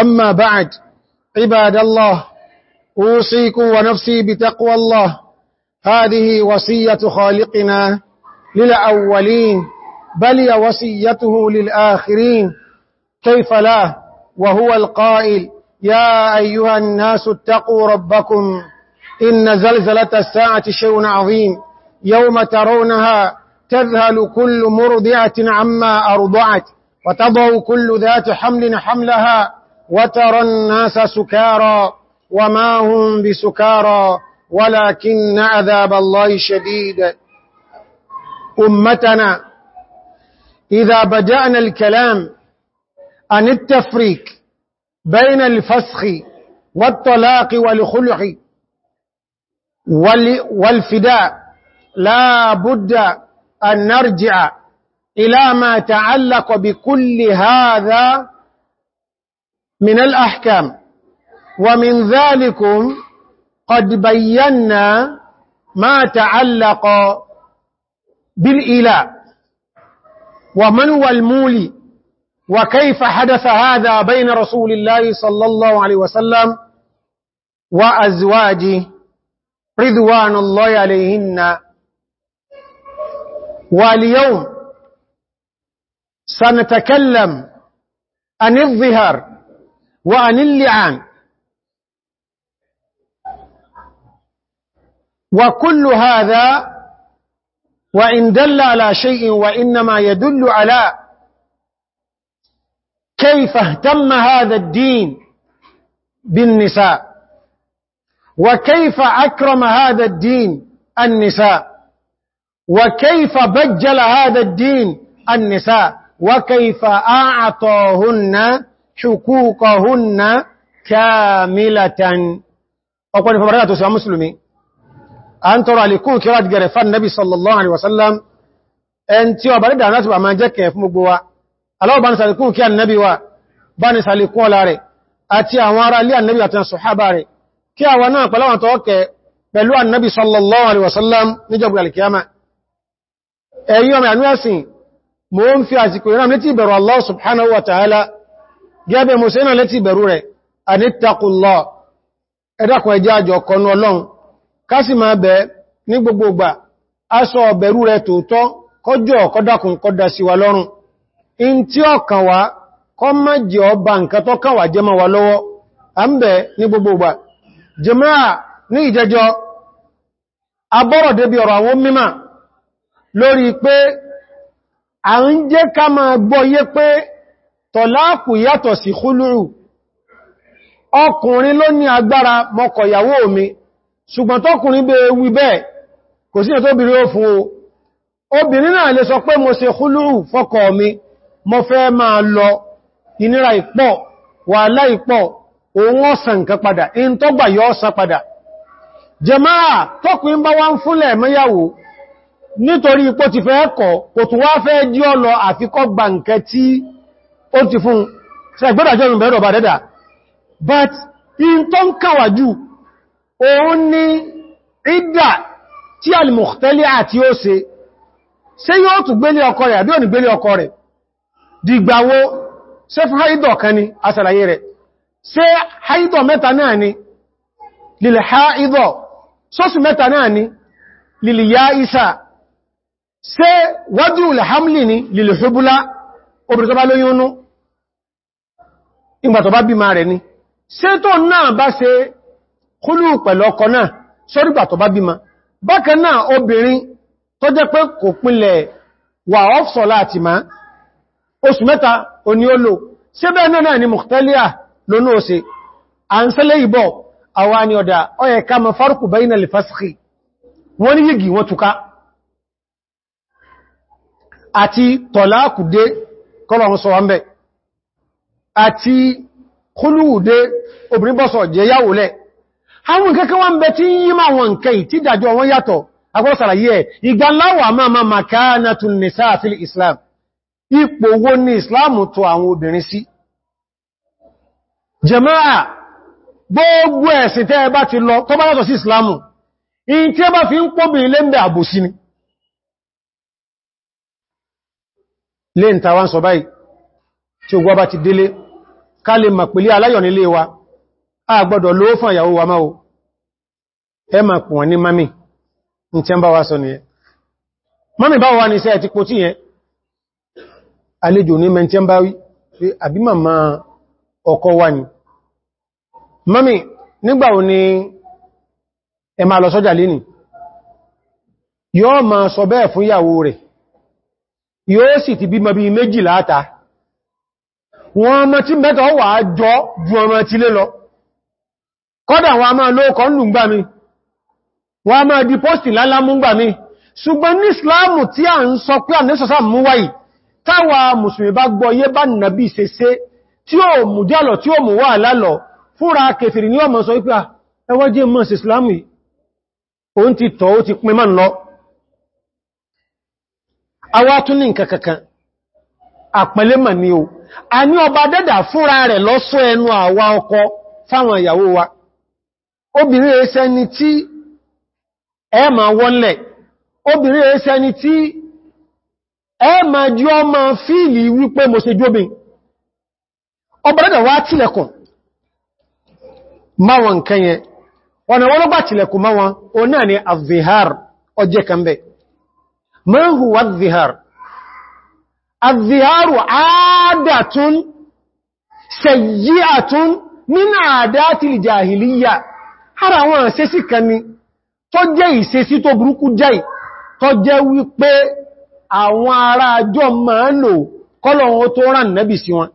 أما بعد عباد الله أوصيكم ونفسي بتقوى الله هذه وصية خالقنا للأولين بل وصيته للآخرين كيف لا وهو القائل يا أيها الناس اتقوا ربكم إن زلزلة الساعة شيء عظيم يوم ترونها تذهل كل مرضعة عما أرضعت وتضع كل ذات حمل حملها وترى الناس سكارى وما هم بسكارى ولكن عذاب الله شديد أمتنا إذا بدأنا الكلام عن التفريق بين الفسخ والطلاق والخلع والفداء لا بد أن نرجع إلى ما تعلق بكل هذا من الأحكام ومن ذلكم قد بينا ما تعلق بالإله ومن هو المولي وكيف حدث هذا بين رسول الله صلى الله عليه وسلم وأزواجه رضوان الله عليهن واليوم سنتكلم عن الظهر وعن اللعان وكل هذا وإن دل على شيء وإنما يدل على كيف اهتم هذا الدين بالنساء وكيف أكرم هذا الدين النساء وكيف بجل هذا الدين النساء وكيف أعطاهن ṣùkúkọ̀húnna kàmílàtàn ọ̀pọ̀ ni fọ́bàrádà tó sọ mùsùlùmí a ń tọrọ àlékún kí rád gẹ̀rẹ̀ fán nabi sallallahu alaihi wasallam ẹn tí ọ bàrídà náà tàbà máa jẹ́kẹ̀ fún gbogbo wa aláwọ̀ bá ní sàlékún kí annabi wa bá ní sàlékún ọlá rẹ̀ àti àwọn ará ilé annabi àti sọ̀hábà rẹ̀ kí àwọn náà pẹ̀láwọn tó ọkẹ̀ pẹ̀lú annabi sallallahu alaihi wasallam mo ń fi àsìkò ìrìnà létí Allah subhanahu wa ta'ala edakwa jibe musena letibere aditakulo edakwajiajko nolon kasimabe naigbogbogba asaberureto uto kojukodakukoda siwal intiokawa komajiobankato kawajemawalo mbe igbogbogba jem nijej aborodorwomima loro ikpe ajekama gbuo ihe kpe tọ̀láàkù yàtọ̀ sí khúlùú ọkùnrin ló ní agbára mọ́kọ̀yàwó omi ṣùgbọ́n tọ́kùnrin bẹ wí bẹ́ẹ̀ kò sí ẹ̀tọ́ ó o obìnrin náà lè sọ pé mo ṣe khúlùú mi mo fẹ́ lọ ìnira ìpọ̀ wàhálà ìpọ̀ òun ọ̀sàn ó ti fún ṣe ẹgbẹ́dà jẹ́ ìrìnbẹ̀rẹ̀ dẹ́dà but in tó ń kàwàjú òun ni ìdà tí alìmọ̀tẹ́lẹ̀ àti ó se ṣe yóò tún gbélé ọkọ rẹ̀ àbí ò ní gbélé ọkọ rẹ̀ dìgbàwó ṣe fún haidọ̀ kan ni asàlàyé rẹ̀ ṣe haidọ̀ mẹ́ta náà ni lílẹ̀ haidọ̀ sọ́sù mẹ́ta náà ni lílẹ̀ ya isa ṣe wájú ilẹ̀ hamlin ni lílẹ̀ ṣubula obìnrin tó bá lóyún ìgbàtọ̀ bá bí máa rẹ̀ ni ṣe tó náà bá ṣe kúlù pẹ̀lú ọkọ náà sọ́rígbàtọ̀ bá bí ma bákan náà obìnrin tó jẹ́ pé kò pínlẹ̀ wà ọ́fṣọ́ láti máa oṣù mẹ́ta oní ó ṣe bẹ́ẹ̀ náà ni mọ̀tẹ́líà lónú òṣe à ń sẹ́lẹ̀ ìbọ̀ àwa ni ọ̀dà ọyẹ ká ma fárùkù bẹ́yìn lè fásikì wọ́n tọ̀láàkùdé kọ́lọ̀ wọn sọ wọn bẹ́ẹ̀ àti kúlùúdé obìnrin bọ́sọ̀ jẹ yáwó lẹ̀. Àwọn kẹ́kẹ́ wọ́n bẹ tí yí máa wọn kẹ́ tí dájọ́ wọn yàtọ̀, agbọ́sàlàyé ẹ̀, ìgbàláwà máa ma makanatun nisa fil Islam. Ipò Islam tó àwọn obìnrin sí? Jẹmáà, gbogbo ẹ̀sìn tẹ́ bá ti lọ tó bá yàtọ̀ sí Islam, in tí sọ báyìí, tí ó bá ti délé, ká lè mọ̀ pèlé aláyọ̀ nílé wa a gbọ́dọ̀ lówó fún àyàwó wa máa ẹ ma pù wọn ní mami ní tí ń bá wa sọ nìyẹn mami bá wa ní iṣẹ́ ti kò tí yẹn àlejò ní mẹ́ntí ń bá wí àbí màmá ọkọ wa ni mami nígbà wo ni ẹ ma lọ sọ́jà lẹ́ni yóò ma sọ bẹ́ẹ̀ fún ìyàwó rẹ̀ yóò sì ti bímọ bí méjì láta wọn ọmọ tí mẹ́ta wà jọ ju ọmọ tí lé lọ kọ́dà wọn a máa lóòkọ́ ń lùgbà mi wọn a máa di pọ́stì gbà mi ṣùgbọ́n ní islamu tí a ń sọ pé ànẹ́sọ̀sá mú wáyìí táwà mùsùlùmí bá gbọ́ yé bá nàbí tí ó mú jálọ tí ó mú wà lálọ fúnra ní ọmọ sọ wípé ẹwọ́jẹ́ mọ́ sí islamu òun ti tọ́ ti àpẹlẹ́mọ̀ ni o a ní ọba dẹ́dà fúnra rẹ̀ lọ́sọ ẹnu àwa ọkọ fáwọn ìyàwó wa obìnrin ẹsẹ́ ni tí ẹ ma obìnrin ẹsẹ́ ni tí ẹ ma jí ọ ma fíìlì wípé mo ṣe jóbin ọba dẹ́dà wá tilẹ̀kùn máwọn wọn yẹn wọ́n lọ́gbà o náà ni azihar الظهار عادة سيئة من عادات الجاهلية ara àwọn ìṣesí kan ni tó jẹ́ ìṣesí tó burúkú jáì tó jẹ́ wípé àwọn ará àjọ máa ń lò kọ́lọ̀wọ́ tó rán nẹ́bì sí wọn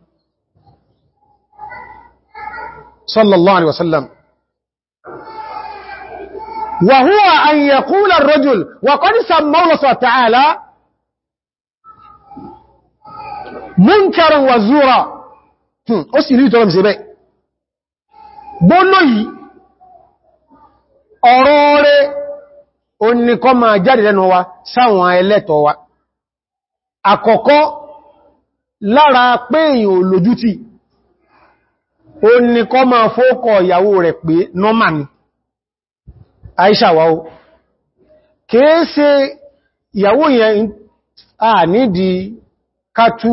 sallallahu alaihi wasallam wa huwa an yaqula ar-rajul wa qad samma Allah ta'ala múnkẹrùn wà zúra hmm, ó sì rí ìtọ́lọ̀ ìṣẹ́bẹ̀ gbóná yìí ọ̀rọ̀ rẹ̀ o ní kọ́ máa jáde lẹ́nu wa sáwọn ẹlẹ́tọ̀ wa àkọ́kọ́ lára pé èyàn olójútì o ní kọ́ máa fóókọ̀ ìyàwó rẹ̀ pé nọ́mà ni Aisha wa o kìí ṣe ìyàwó yẹn a nídi kátú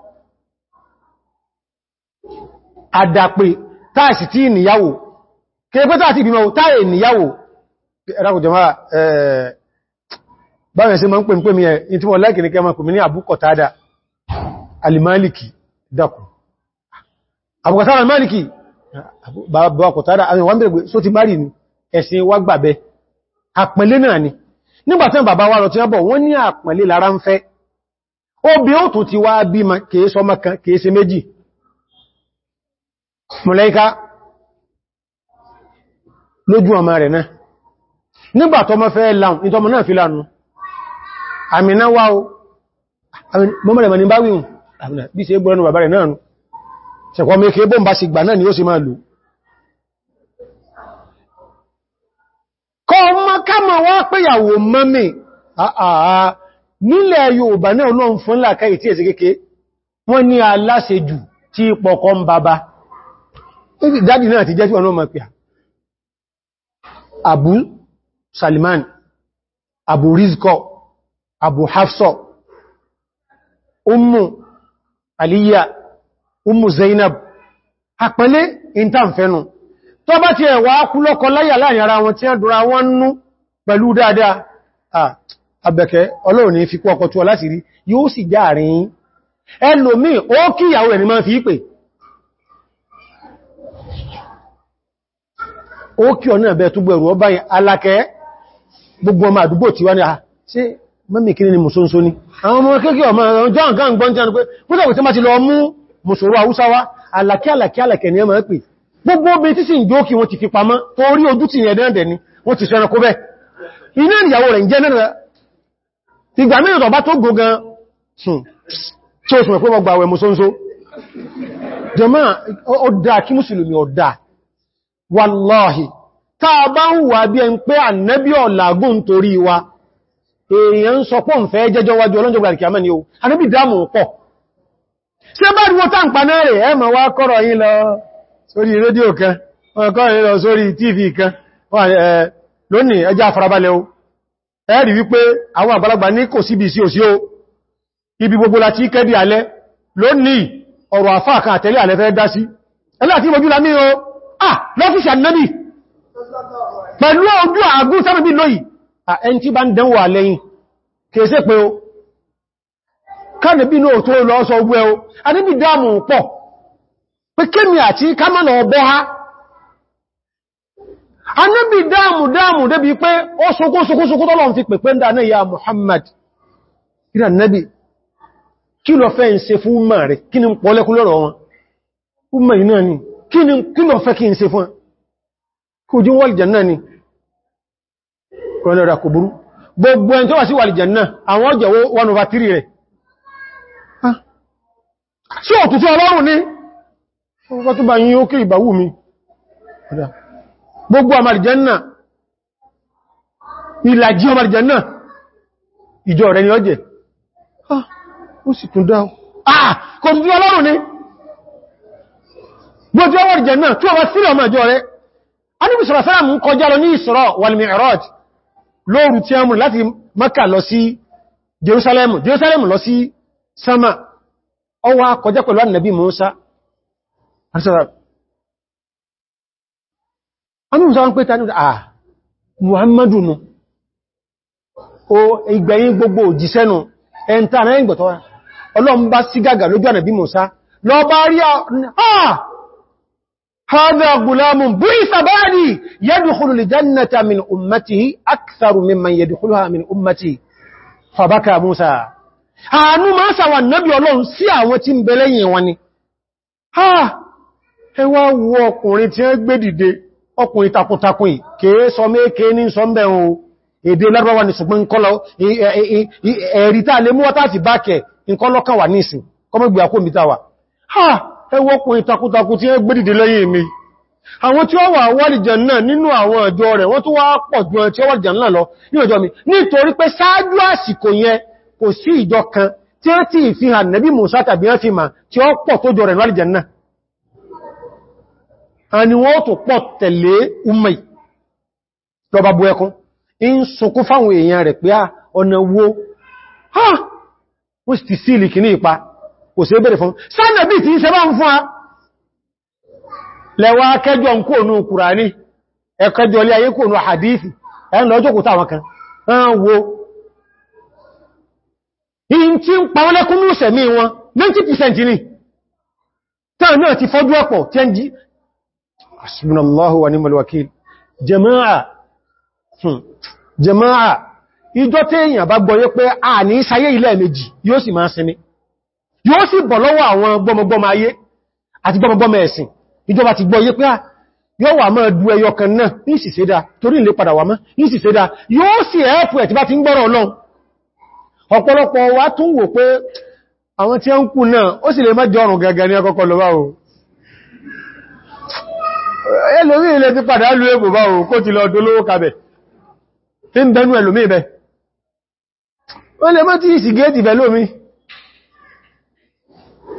àdàpè táàsì tí ìníyàwó kèrèpé táàsì ìbímọ̀ táà ìníyàwó ẹ̀rákùnjẹmá báyẹ̀ sí ma ń pè ń pè mí ẹ̀ tí wọ́n láìkì ní kẹ́ ma ní àbúkọ̀tádà alìmáàlìkì dákùn àbúkọ̀tádà alìmáàlìkì ti ni wa bi ó tún ti wá bí ma kèé kan kèé méjì mọ̀lẹ́ká lójú ọmọ rẹ̀ náà nígbà tọmọ fẹ́ láun ní tọmọ náà fi lánú àmìná wá o mọ́mọ̀ rẹ̀ mọ̀ ní bá wíhùn àmìná bí ṣe gbọ́rẹ̀ bàbá rẹ̀ náà nù ṣẹ̀kọ́ mẹ́kẹ́ bọ́m bá sì gbà náà ni ó sì máa lò kọ́ ọmọ káàmà wá pẹ́yàwó mọ́mì nílẹ̀ Yorùbá náà náà fún láàká ìtí ẹ̀sẹ̀ kéèké wọ́n ní aláṣejù tí dáàdì náà ti jẹ́ tí wọn náà ma pè Abu Salimani, Abu Rizqo Abu Hafsa Umu Aliyya Umu Zainab àpẹẹlẹ́ ìntànfẹ́nu tó bá ti ẹ̀wà kúlọ́kọ láyà láàrin ara wọn tí a dúra wọn nú pẹ̀lú dáadáa àbẹ̀kẹ́ ọlọ́run ní fi kú ọkọ̀ tí ọ láti rí yóò sì jáàrin ẹlòmí ó kíyàwó rẹ̀ máa fi pè ó kí ọ náà bẹ tó gbẹ̀rù ọba yìí alákẹ́ gbogbo ọmọ àdúgbò tí wá ní à ah, sí mẹ́mì kí ní mùsónsó ní àwọn ọmọ kéèkì ọmọ john gang gbọ́n ma ti lọ mú mùsòrò àwúsáwá alákẹ́ alákẹ́ alákẹ́ ní ẹmọ̀ pè gbogbo obìnrin tí sì ń jókì wọn ti fi pamọ́ torí ojú ti yẹn dẹ́ndẹ̀ ni wọ́n ti sẹ́ran kó bẹ́ iná ìyàwó rẹ̀ ń jẹ́ náà ìgbà mẹ́rin ọba tó gogan tí ó sùn pé wọ́n gbà wẹ̀ ọdá kí mùsùlùmí ọdá wàláhì táa bá ń wà bí ẹn pé ànẹ́bí ọ̀làgún torí wa èèyàn ń sọ pọ́ ń fẹ́ jẹjọ wájú ọlọ́jọ́ gbàrìkì àmẹ́ni o ànẹ́bí dámù pọ̀ ṣe bá tv kan lónìí ẹjá farabalẹ̀ o ẹ rí wípé àwọn àgbàlagbà ní kò síbi sí òsí o ibi gbogbo láti kẹ́bí alẹ́ lónìí ọ̀rọ̀ àfáà kan àtẹ́lẹ̀ alẹ́ dá sí ẹlẹ́ àti ìmọ̀jú lámí o ah lọ́fíìsì annabi pẹ̀lú ojú àgún sábẹ̀bí lóyìí à ah, a tí bá ń dẹ̀wò àlẹ́yìn kèèsé pé o kánàbí náà tó lọ ọsọ ogbó ẹ o a níbi dáàmù pọ̀ pé kémi àti kámánà ọbọ́ ha a dáàmù dáàmù débi pé ó sokósokósokó tọ́lọ̀ Muhammad kí lọ fẹ́ kí n ṣe fún kò jí wọ́n ni kọ̀lọ̀dà kò burú gbogbo ẹn tó wà sí wà aljanna àwọn ọjọ́ wọn over three rẹ̀ sí òtútù ọlọ́run ní ọkọ̀ yí ó kí ìbàwú mi gbogbo ọmọ aljanna ìlàjí ọmọ aljanna ìjọ rẹ̀ ni ọjẹ́ ó sì tún gbójú ọwọ́ ìjẹ̀ náà tí ó wá sílẹ̀ ọmọ ìjọ rẹ̀ Ànábì sọ̀rọ̀sára mú kọjá lọ ní Isra wal Mi'raj lóòrù tí a mú láti Maka lọ sí Jerusalem Jerusalem lọ sí sama ọwá kọjá pẹ̀lú Ànábì Musa ọlọ́mbá sí gàgà lójú Musa lọ bá rí هذا غلام بعث بعدي يدخل الجنة من أمته أكثر ممن يدخلها من أمتي فبكى موسى àánú máa sàwà nábí ọlọ́run sí àwọn tí ha ẹ wá wo ọkùnrin tí ó gbé dìde ọkùnrin takuntakun yìí kèé sọ ní o ṣùgbọ́n ẹ̀rítà lè mú wà ní ìsìn ha ẹwọ́ kò ìtakùtakù tí ó gbẹ́dìdì lẹ́yìn mi àwọn tí ó wà wàlìjẹ̀ náà nínú àwọn ọjọ́ rẹ̀ wọ́n tó wá pọ̀ jù tí ó wàlìjẹ̀ náà lọ ní ọjọ́ mi nítorí pé sáájú àsìkò yẹn kò sí ìjọ kan tí ó ti fi hàn nẹ́bí Mùsá tàbí ẹ́ fi mà tí ó pọ̀ tó jọ rẹ̀ wàlìjẹ̀ náà in sunkún fáwọn èèyàn rẹ̀ pé ọ̀nà ha wọ́n sì ti kò sí bèèrè fún sánàbí tí ń ṣe bá ń fún a lẹ́wà kẹjọ ń kó ònú kùránì ẹkẹjọ ilé ayé kó ònú àdíìsì ẹn lọ jókòó táwọn kan ẹn wo in tí ń pa wọ́lẹ́kún ní ìṣẹ̀mí wọn 90% ní tán náà ti fọ́dú ọ̀pọ̀ tí ẹn jí asìmìnàláhù wa hmm, ìjọ tí èèyàn bá gbọ́yé pé a ní sáyé ilẹ̀ méjì yóò sì máa sinmi yóò sì bọ̀ lọ́wọ́ àwọn gbọmọgbọmọ ayé àti gbọmọgbọmọ ẹ̀sìn ìjọba ti gbọ́ yé pé ah, yóò wà máa du ẹyọ kan náà ní ìsìsẹ́dá torí ilé padà wà mọ́ ní ìsìsẹ́dá yóò sì ẹ̀ẹ́pù ẹ̀ tí bá ti ń gbọ́rọ̀ Ọlọ́run ọ̀pọ̀lọpọ̀ wa tún wò pé àwọn tí ó ń kú náà ó sì lè má jọrùn gẹ́gẹ́ ní ọkọ̀kọ̀ lọ báwo ẹlòmí ilẹ̀ ti padà lú ẹbù báwo kó ti lọ dolówó kabẹ̀ tí ń bẹnu ẹlòmí ibẹ̀ wọ́n lè mọ́ tí ìsìgéètì bẹ̀ lómi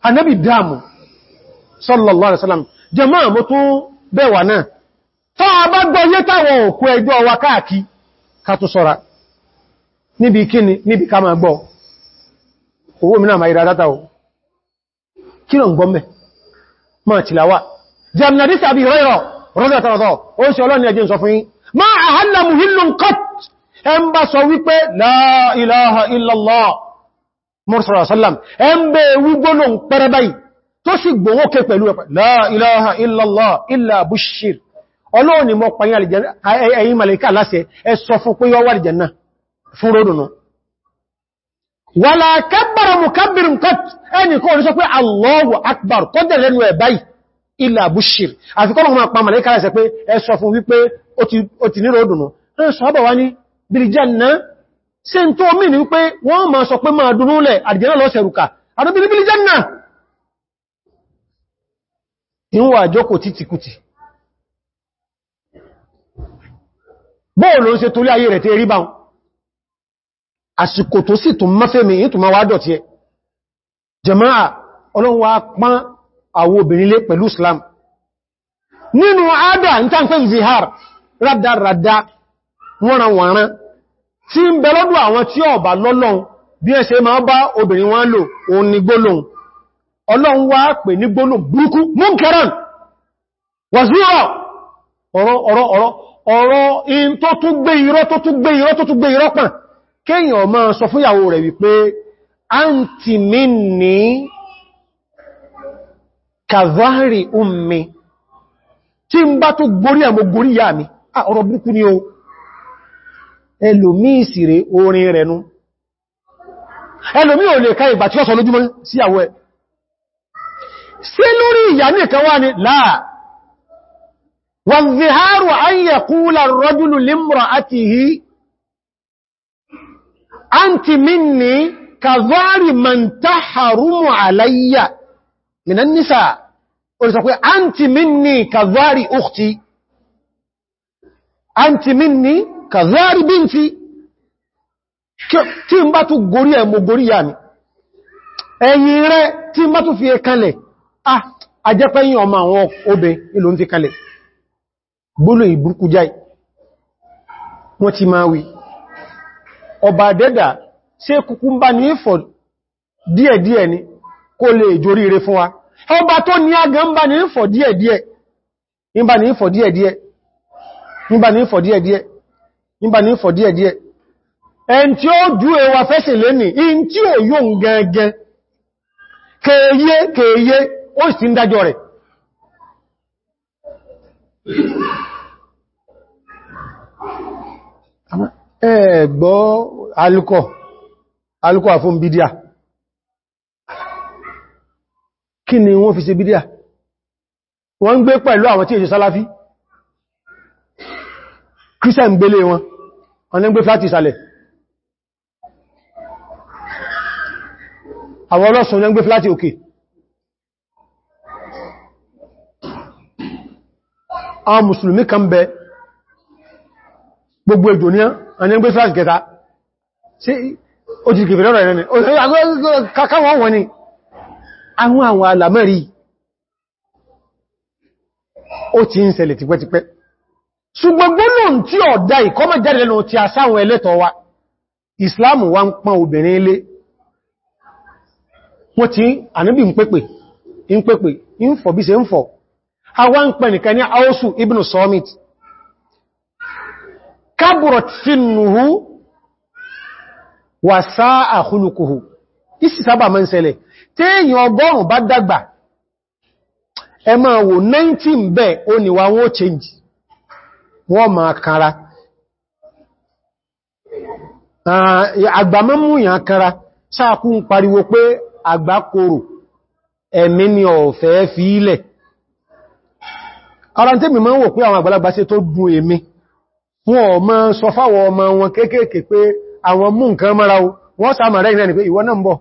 anábì dáàmù sallallahu alaihi wasallam jẹmọ́ mo tún bẹ̀wà náà tọ́ bá gbọ́yé táwọn òkú ẹjọ́ wa káàkì ká tó sọ́ra níbi kíni níbi ká máa gbọ́ owó mi náà máa ìrà dátà o kí lọ ń gbọ́ mẹ́ máa tìlàwà jẹ́mìnàdísì àbí rẹ́rọ̀ rọ́dọ̀tọ̀rọ̀tọ̀ ó sì ọlọ́ni ẹjẹ́ ń sọ fún yín máa àhálà muhillun qat mọ́sànlá sallam ẹn bẹ wígbónà pẹ̀rẹ̀ báyìí tó sì gbòwó ké pẹ̀lú ẹ̀pẹ̀ la ilaha illallah illa bushir ọlọ́run ni mọ́ pàyín ẹ̀yìn malika aláṣẹ ẹ sọ fún pé yọ wà ní Janna fún ròdùnú wala kabbara mukabbirin qat ẹni kó ní sọ pé Allahu akbar kó dẹ̀ lẹ́nu ẹ̀ báyìí illa bushir àfi se n tó mì ní pé wọ́n ma sọ pé máa lẹ̀ àdìjẹ́nà lọ sẹ̀rùkà àdúbìnibìlì jẹ́nà ìwọ̀n àjọ́kò títìkútì bóòlò ń ṣe torí ayé rẹ̀ tẹ́ rí àsìkò tó sì tún mọ́fẹ́mì yìí tún ma wá dọ̀tí ẹ jẹmáà ọlọ́run wá tí ń bẹ lọ́dọ̀ àwọn tí ọ̀bà lọ́lọ́un bí ẹ ṣe bá obìnrin wọn lò òun ni gbólóhùn ọlọ́run wá pè ní gbólóhùn burúkú múnkẹrán wàzúrọ̀ ọ̀rọ̀ ọ̀rọ̀ ọ̀rọ̀ in tún gbé irọ́ tún gbé kàzárì ummi tí ń bá tó gorí gorí mi ah, ọ̀rọ̀ burúkú ni o ẹlòmí ìsìrè orin rẹ̀ nú ẹlòmí ò lè ká ìgbà tí ó sọ lójúmọ́ sí àwọ́ ẹ̀ sí lórí ìyà nìkan wá ní láà wọ́n zìhárù ayẹ kúlà rọ́dúlù límrọ̀ àti hì anti minni kàzọ́rì mọ̀ntá harumu alayya minan nisa orísàkwé anti minni kàzọ́rì ukhti anti minni kàzárí bí n ti tí n bá tún gorí ẹ̀ mo gorí yà mi ẹ̀yìn rẹ̀ tí n bá tún fi ẹ kalẹ̀ ah ajẹ́pẹ́yìn ọmọ àwọn ilò n fi kalẹ̀ gbólò ìbúrúkú jáì wọ́n ti máa wí ọba dẹ́dà ṣe kúkú bá ní ìfọ̀ ni kó lè jorí ire fún wa ọba tó ní die ń bá ní ìfọ̀ díẹ̀díẹ̀ nígbà ní fọ̀ díẹ̀díẹ̀ ẹn tí ó jú ẹwà fẹ́sì lẹ́nì in tí ó yóò ń gẹ́gẹ́ kèèyé kèèyé ó sì ń dájọ́ rẹ̀ ẹgbọ́ alukọ̀ alukọ̀ àfún bídíà kí ni wọ́n fi ṣe bídíà wọ́n ń gbé pẹ̀lú àwọn tí èṣe sáláfí kírísẹ̀ ń gbélé wọn wọn ní gbé fláti ìsàlẹ̀ àwọn ọlọ́sùn ní gbé fláti òkè àwọn mùsùlùmí kan bẹ gbogbo èdò ní àwọn ní gbé fláti kẹta sí ó ti kèfèrè ọ̀rọ̀ ìrẹ́ni wọn ni àwọn àwọn alàmẹ́rí ó ti ń ṣẹlẹ̀ tipẹ́tipẹ́ ṣùgbọ́n gbólóhùn tí ó dá ìkọ́mọ̀ jáde lẹ́nu ti àsáwọn ẹlẹ́tọ̀ wa islamu wa ń pọn obìnrin ilé wọ́n ti ànábì ń pépè ń pépè ń fọ̀ bí se ń ibn Somit kaburat sinuhu wà sáà àhúlùkùhù saba sábà mọ́ ń ṣẹlẹ̀ téèyàn ọgọ́rùn bá dàgbà ẹ 19 bẹ́ẹ̀ ó wọ́n ma kára àgbà mọ́ ya ìyàn kára sáàkú ń pariwo pé àgbà kòrò ẹ̀mí ni ọ̀fẹ́ fi ilẹ̀ ara tí mi máa ń wò pé àwọn àgbàlagbà ṣe tó dùn èmi Wọ́n ma sọ ọmọ wọn kéékèèké pé àwọn mú nǹkan mọ́ra wọ́n sáàmà rẹ̀ ìrìnà ni pé ìwọ náà ń bọ̀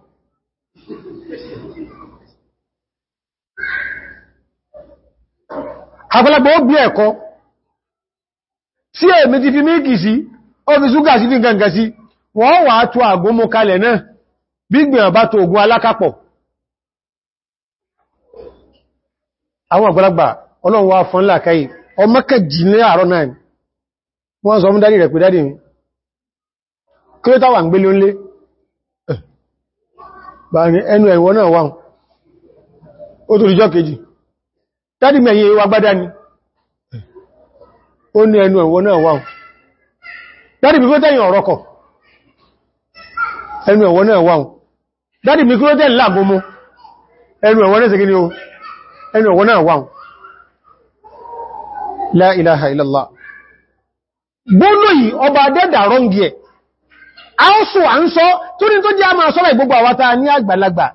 àgbàlagbà ó bí ẹ̀kọ́ tí èmì ti fi mílìkì sí ó fi ṣúgà sí fi gangan sí wọ́n wà á tó àgún mú kalẹ̀ náà bí gbìyàn bá tó ogun alákápọ̀ àwọn àgbàlagbà ọlọ́run wá fún láàkáyì ọmọ kẹjìlẹ́ àárọ̀ náà wọ́n sọ mú dádì rẹ̀ pé dádì ó ní ẹnu ẹ̀wọ̀n náà wà dáàdì mi kúrò tẹ́yìn ọ̀rọ̀kọ̀ ẹnu ẹ̀wọ̀n náà wà dáàdì mi kúrò tẹ́yìn ẹnu náà o ẹnu náà wà la ilaha illallah ọba dẹ́dà rọ́ngì a ó sọ à ń sọ tó ní tó jẹ́ a awata sọ́rọ̀ ìgbogbo àwátá ní àgbàlagbà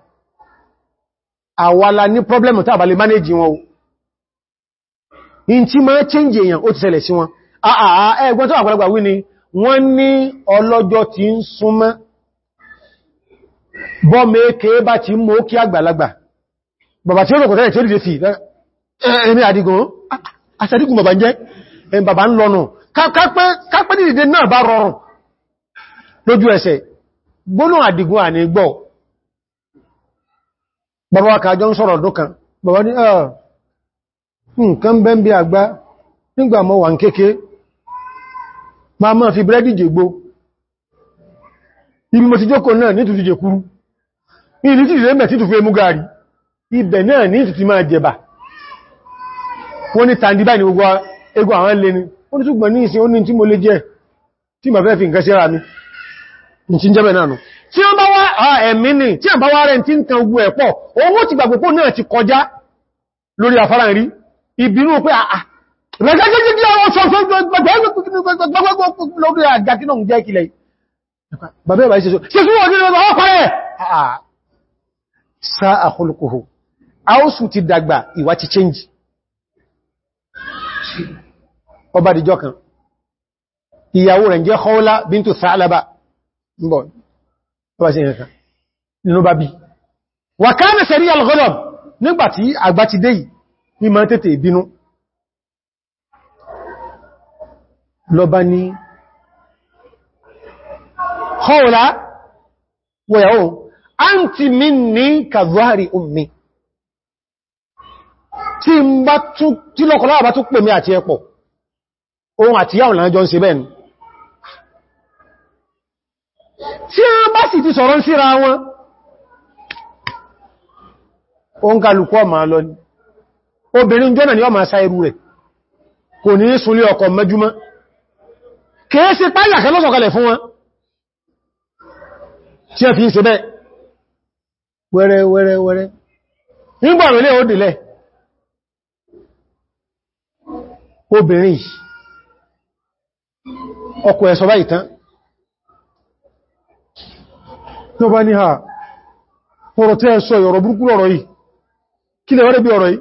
in ti ma change eyan o ti sele si won ah ah e gbo to agbalagba wi ni won ni olojo ti nsunmo bo meke ba ti mo ki agbalagba baba ti o ko tele ti o de si emi adigun asadigun baba nje en baba nlonu ka ka pe ka pe ni de na ba rorun loju ese gbonu adigun ani gbo baba ka jo nsoro dukan baba ni nǹkan bẹ́ bí àgbá nígbà mọ́ wà ń kéèké ma máa fi búrẹ́dì jẹgbó ibi mo ti jókòó náà ní tuntun jẹkúrú ní ilé tí ìrẹ́mẹ̀ tí tùfẹ́ mú gààrí ibẹ̀ náà ní tuntun máa jẹba wọ́n ní tàndí báyìí gbogbo egun àwọn lè ní ó ní túgbọ̀n ní ìsin ó ní tí mo lè jẹ tí ma fẹ́ fi nǹkan síra mi ní tí ń jẹ́bẹ̀ náà nù tí wọ́n bá wá ẹ̀mí ni tí wọ́n bá wá rẹ̀ tí ń kan ogun ẹ̀pọ̀ owó ti gbàgbogbo náà ti kọjá lórí afárá rí ìbínú pé àà rẹ̀gẹ́gẹ́gẹ́ àwọn ṣọ́ṣọ́ lórí àjàkínà ń jẹ́ ìkìlẹ̀ bàbẹ́ ìbáyé ṣeṣọ́ ṣe fún ọdún ọmọ ọkọ̀rẹ́ sa àkọlùkòhò áùsù ti dàgbà ìwà ti chẹ́njì ọba dìjọ kan ìyàwó rẹ̀ jẹ́ Khawla bíntù Sa'laba mbọ̀ ọba sí ẹ̀kan nínú bá bí wà káàmẹ́sẹ̀rí alghulub nígbàtí àgbà ti dé yìí ní máa tètè ìbínú lọba ní kọ́ọ̀lá wọ̀yàwó anti minni kàzọ́hàrí ummi tí lọ́kọ̀lá bá tún pè mí àti ẹpọ̀ ohun àti yáò lánàjọ́ ń ṣe bẹ́ẹ̀ ni tí a bá sì ti sọ̀rọ̀ síra wọn oúnkàlùkọ́ ma lọ ni obìnrin jọ́nà ni ọmọ asá irú rẹ̀ kò ní súnlé ọkọ̀ mẹ́júmọ́ kìí sí páyà kẹ́ lọ́sọ̀kalẹ̀ fún wọn tí ẹ fi ṣe bẹ́ wẹ́rẹ́ wẹ́rẹ́ wẹ́rẹ́ nígbà rẹ̀ lé ó dìlẹ̀ obìnrin ọkọ̀ ẹ̀sọ báyìí tán tó bá ní ha ọ̀rọ̀ tí ẹ sọ ọ̀rọ̀ burúkú lọ́rọ̀ yìí kí lẹ rẹ̀ bí ọ̀rọ̀ yìí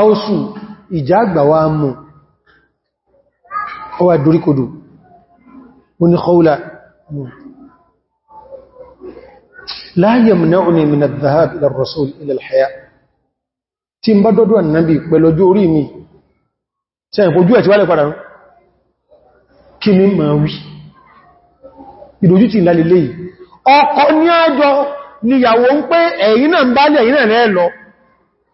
áúsù ìjà àgbà wa mú ọwà ìdóríkodò mú ní kọ́wùlá láyé mìnàúnì mìnà zahab ilẹ̀ rasul ilẹ̀ alhaya tí ń bá dọ́dọ̀ annabi pẹ̀lú ojú orí mi tí ẹ̀kọ́ ojú ẹ̀ ti wálẹ̀ padà rán kí ni ma wí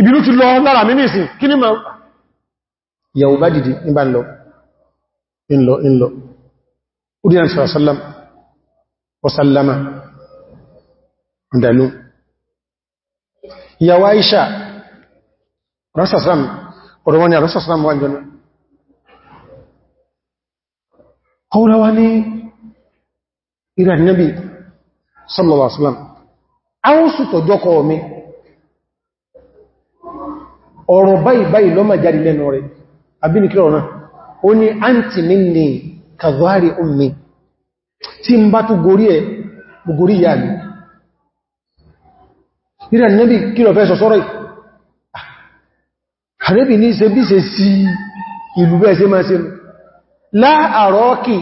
ìbínú ti lọ lára mi nìsìn kí ní máa yàwó bá dìde nígbà lọ inlọ inlọ udina sallallahu alaihi wasallam wasallama ndalu yàwó Aisha rasasam ọ̀rọ̀wọ́n ya rasasam wà jọna kọ́wọ́lá wá ní ìrìn àdínábì sallallahu alaihi wasallam a ọ̀rọ̀ báyìí báyìí lọ́mà jáde lẹ́nu rẹ̀ abínikílọ̀ náà ó ní àǹtì mi ní kàzọ́rì omi tí ń bá tó gorí ẹ̀ gorí ìyá mi ìrẹ̀ nẹ́bí kílọ̀ fẹ́ sọ́sọ́rọ̀ ah, àrẹ́bì ní ṣe bí ṣe sí ìlú bẹ́ẹ̀ ṣe máa ṣe láàrọ́kì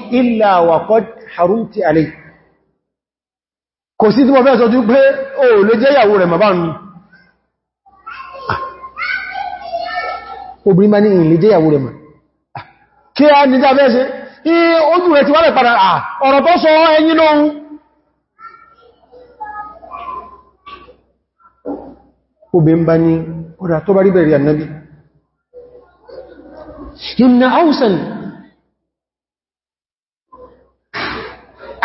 obìnrin bá ní ìlẹ̀ jẹ́ ìyàwó rẹ̀ mọ̀ ah, kí a ní jà fẹ́ẹ́sẹ́ ojú rẹ̀ ti wálẹ̀ padà ah, ọ̀rọ̀ tó sọ lóhun obìnrin bá ní ọ̀dà tó bá rí bẹ̀rẹ̀ ànábí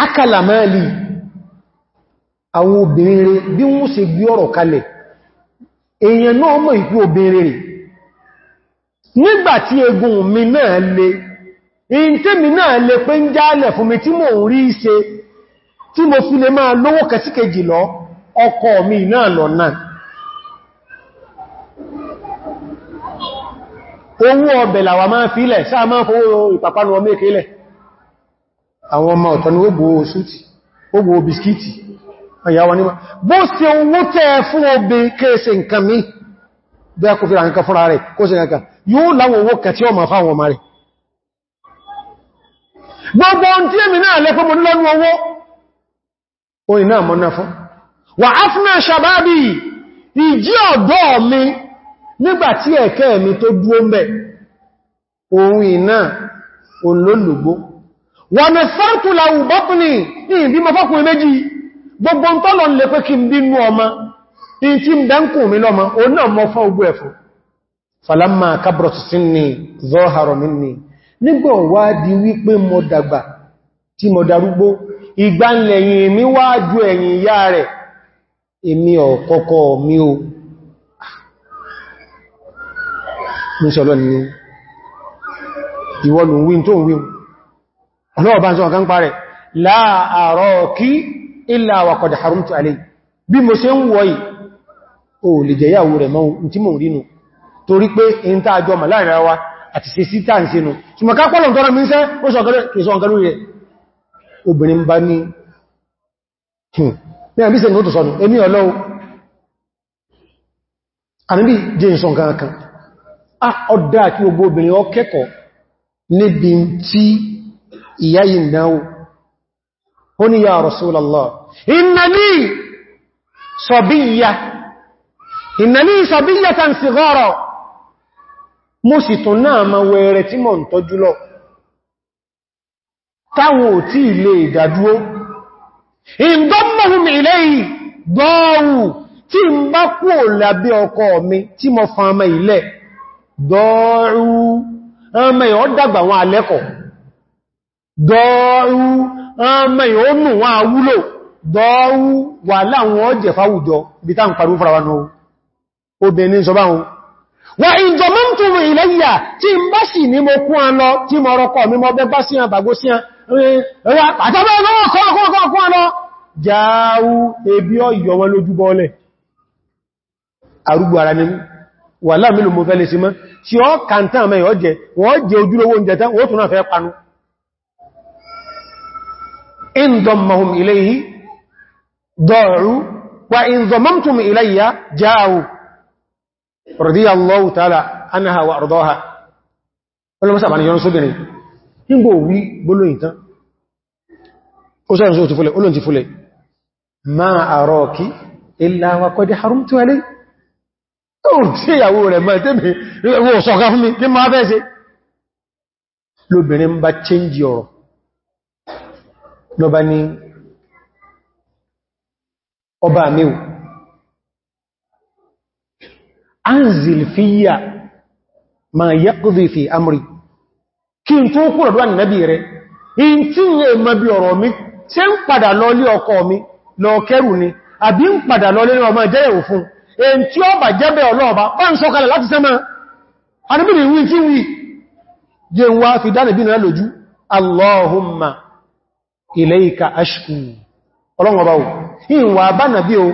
akala obìnrin èèyàn náà mọ̀ ìpú obìnrin nígbàtí egun mi náà le in tí mi náà le pé ń jálẹ̀ fún mi tí mò ń rí ṣe tí mo fi lè máa lówó kẹsíkejì lọ ọkọ mi náà lọ náà owó ọbẹ̀ làwà máa fílẹ̀ sáà máa fowó ìpàpánu ọmọ ìkélẹ̀ àwọn ọmọ ọ̀tọ̀ ni ó gbò sútì ó gbò bisikíìtì àyàwọn níma bó ṣe owó tẹ́ fún obè kéèsè nǹkan mìí bí a kò fi ràǹkan fúnra rẹ̀ kó sí ràǹkan yóò láwọn owó kẹtí ọmọ fáwọn ọmọ rẹ̀ gbogbo ohun tí èmì náà lẹ́pọ̀ mọ̀ lọ́nu owó orin náà mọ́ náà fún wà á fún náà ṣàbábì ìjí ọ̀dọ́ mi nígbàtí ẹ̀kẹ́ mi tó dúó mẹ́ ohun iná olólùgbó wà ní fẹ́tùlà in tí ń bẹ́ǹkù mi lọ́mọ o náà mọ́ fún ogbó ẹ̀fún e falamma kabrọ̀tù sí ni zọ́harọ̀ mi ni nígbà wá di wípé mo dàgbà tí mo darúgbó ìgbà mi wá ju ẹ̀yìn ìyá rẹ̀ èmi ọ̀kọ́kọ́ mi o níṣọ́lọ́ ni ìwọ́lù wí tó wí ọlọ́ọ̀bá ń sọ ọ̀gá ń parẹ̀ láàárọ̀ kí ìlà àwàkọ̀dà bí mo ṣe ń wọ́ yìí o lè jẹ yàwó rẹ̀ mọ́ tí mò ń rínú torí pé in tá àjọ mà láàrin wa àti ṣe sí tàà sínú ṣùgbọ́n ká pọ́lọ̀ tọ́rọ mísẹ́ ó sọ ọ̀gẹ́rẹ́ sọ ọ̀gẹ́rẹ́ rẹ̀ obìnrin bá ní ní àbí sẹ́ni ó a ọdá kí gbogbo obìnrin ọ kẹ́kọ̀ọ́ ìyá ìnàní ìṣàbíyàtà sí gọ́rọ̀ mo sì tún náà ma wẹ̀rẹ̀ tí mọ̀ ń tọ́jú lọ táwọn ò tí ilé ìdádúró ìgbọ́mọ̀hùn ilé gọ́ọ̀wù tí ń bá kú ò lábẹ́ ọkọ mi tí mo fa ọmọ ilẹ̀ gọ́ọ̀rù obìnrin sọ báhun wà ìjọmọ́ntúrù ìlẹ́yà tí ń bá sì ní mo kún an lọ tí mo rọ́kọ̀ mi mọ́ bẹ́ bá sí àbàgbó sí àtàbẹ́ lọ́wọ́ kọ́kọ́kọ́ kún an ilé yìí dọ̀rú wà ìzọmọ́mtùmù ilé yìí jááwù rọ̀dí Allahu ta'ala anaghị wa ọ̀rọ̀dọ́ha ọlọ́mọ́sà bá ní yọ́n sóbìnrin nígbò wí gbólóyìn tán ó sọ́rọ̀ sóò ti fúlẹ̀ ti fúlẹ̀ ma araki illa wa qad harumtu anzil fíyà ma yaqdi fi amri kí n tó kúrò lọ́wà nìnàbí rẹ̀ in tí yẹ ma ọ̀rọ̀ mi tí ń padà lọ lé ọkọ mi lọ kẹrù ni àbí ń padà lọ lé ọmọ jẹ́yẹ̀wò fún èyí tí ó bà jẹ́bẹ̀ ọlọ́ọ̀bá bá ń sọ́kalẹ̀ láti sẹ́mọ́ wí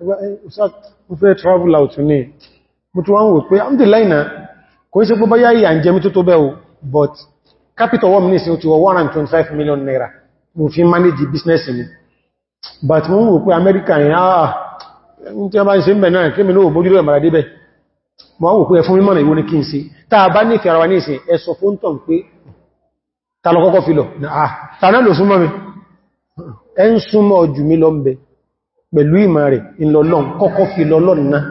mo travel out ní mo tún wọ́n wò pé am dì lẹ́ìnà kò ń ṣe pọ́ báyá ìyà ń jẹ tó tó bẹ́ o but capital one minute ó ti wọ 125 million naira mo fi manage business mi but mo wò pé America ni ah tí a bá ń ṣe mẹ́ náà kí mi lóò bójúlé ẹ̀màrà débẹ̀ mo wò pé ẹ fún mímọ̀ ìwò ní kí n ṣe tàà bá ní ìfẹ́ ara wa ní ìsìn ẹ sọ pẹ̀lú ìmọ̀ rẹ̀ ìlọ́lọ́n kọ́kọ́ fi lọ́lọ́n náà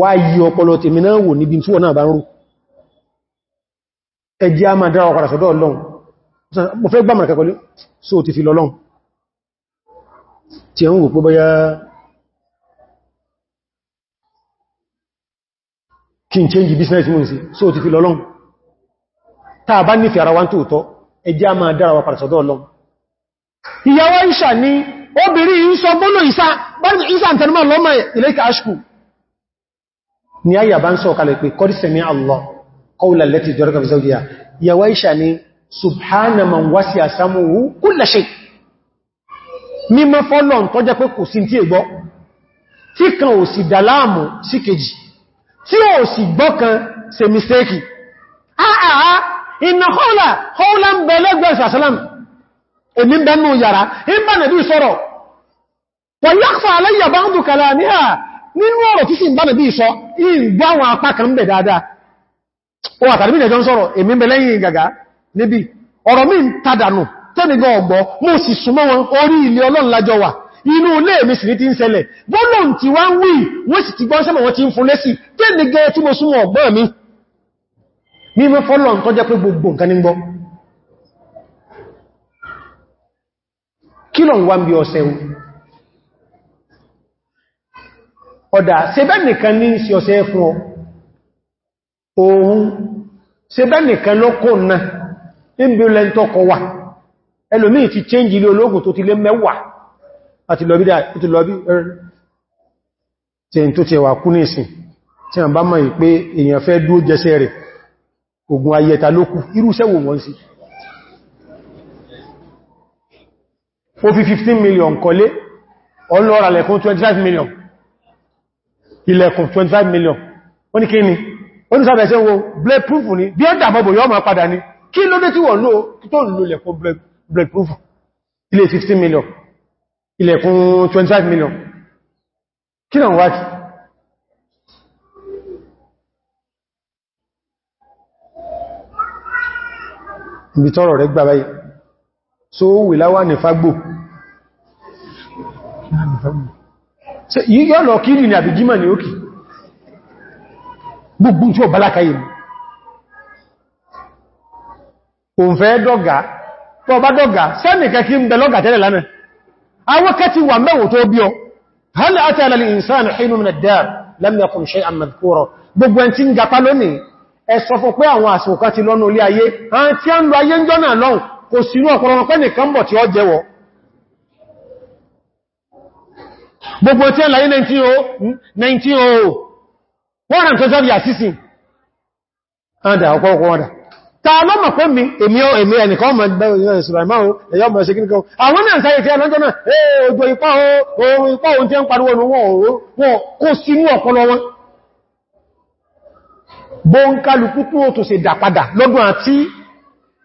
wá yí ọpọlọ tèmi náà wò níbi tí wọ́n náà bá ń rú ẹjẹ́ a máa dára ọkọ̀rọ̀ sọ́dọ̀ ọlọ́run mo fẹ́ gbàmà kẹkọlé só ti fi lọ́lọ́run tí ẹ business mú sí ti fi lọ́lọ́run tá a bá nífẹ̀ẹ́ ara wa ń tòótọ́ ìyàwó ìṣà ní obìnrin yìí sọ gbónà ìsá báyìí ìsá ń tẹnumọ́ lọ́mọ ilayka ashku ni a yàbá ń sọ kalẹ̀ pé qad sami'a Allah qawla allati daraka fi zawjiha ìyàwó ìṣà ní subhana man wasi'a sam'uhu kulla shay mímọ́ fọ́lọ̀n tó jẹ́ pé kò sí tí ègbọ́ tí ah, ah ah inna qawla qawlan balagha sallallahu èmi ń bẹnu yàrá ìbá nàbí sọ́rọ̀ wọ́n aláyà bá ń dùkàlà ní nínú ọ̀rọ̀ tí nàbí sọ ìgbà àwọn bẹ̀ dáadáa mo wà inú ilé mi sì ní ti ń ṣẹlẹ̀ bọ́lọ̀ tí wá ń wí wọ́n sì ti gbọ́n sẹ́mọ̀ wọ́n ti ń fún lẹ́sì tí mo mi ní mọ́ fọ́lọ̀ pé gbogbo nǹkan kí lọ ń wá ń bí ọ̀sẹ̀ o ọ̀dà sebẹ́nìkan ní sí ọ̀sẹ̀ fún ọ ohun sebẹ́nìkan lọ́kọ̀ náà níbi lẹ́ntọ́kọ̀ wà ẹlòmí ti change ilé ológun tó ti lé mẹ́wàá àti lọ́bí tí lọ́bí ẹ̀rìn tó ti ẹwà kú ní ìsìn tí a bá ó fi 15 million kọlé ọlọ́ra lẹ̀kùn 25 million ilẹ̀kùn 25 million ó ní kíni ó ní sábẹ̀ ṣe wo bulletproof ní bí ẹ́ dàbọ̀bọ̀ yọ́ ma padà ní kí ló dé tí wọ́n ló tó lò lẹ̀kùn bulletproof ilẹ̀ 15 million ilẹ̀kùn 25 million kí náà wájú ibi tọ́rọ̀ rẹ̀ gbà so wè láwà ní fagbò yíò lọ kí ní àbí jímọ̀ ní òkè gbogbo tí ó bá lákàáyé mú o ń fẹ́ dọ́gà tó bá dọ́gà sẹ́nìkẹ́ kí ń bẹ lọ́gà tẹ́lẹ̀ lánàá àwọn kẹtí wà mẹ́wò tó bí ọ hal ata lal insani hinun min ad-dar lam yakun shay'an madhkura gbogbo ẹn tí ń gapá lónìí ẹ sọ fún pé àwọn àsìkò kan ti lọ́nà olé ayé àwọn tí ń kò sínú ọ̀pọ̀lọpọ̀ nìkan bọ̀ tí ó jẹ́wọ́ gbogbo tí ẹ̀láyé 1900 wọ́n rẹ̀ tó jọ́bí àṣísì ọ̀dà ọ̀pọ̀lọpọ̀ ọ̀dà ta lọ́mọ̀ pé mi èmi èmi ẹnìkan ọmọ ẹgbẹ̀rẹ̀ bọ́n kálukú tó tó ṣe dàpadà lọ́dún àti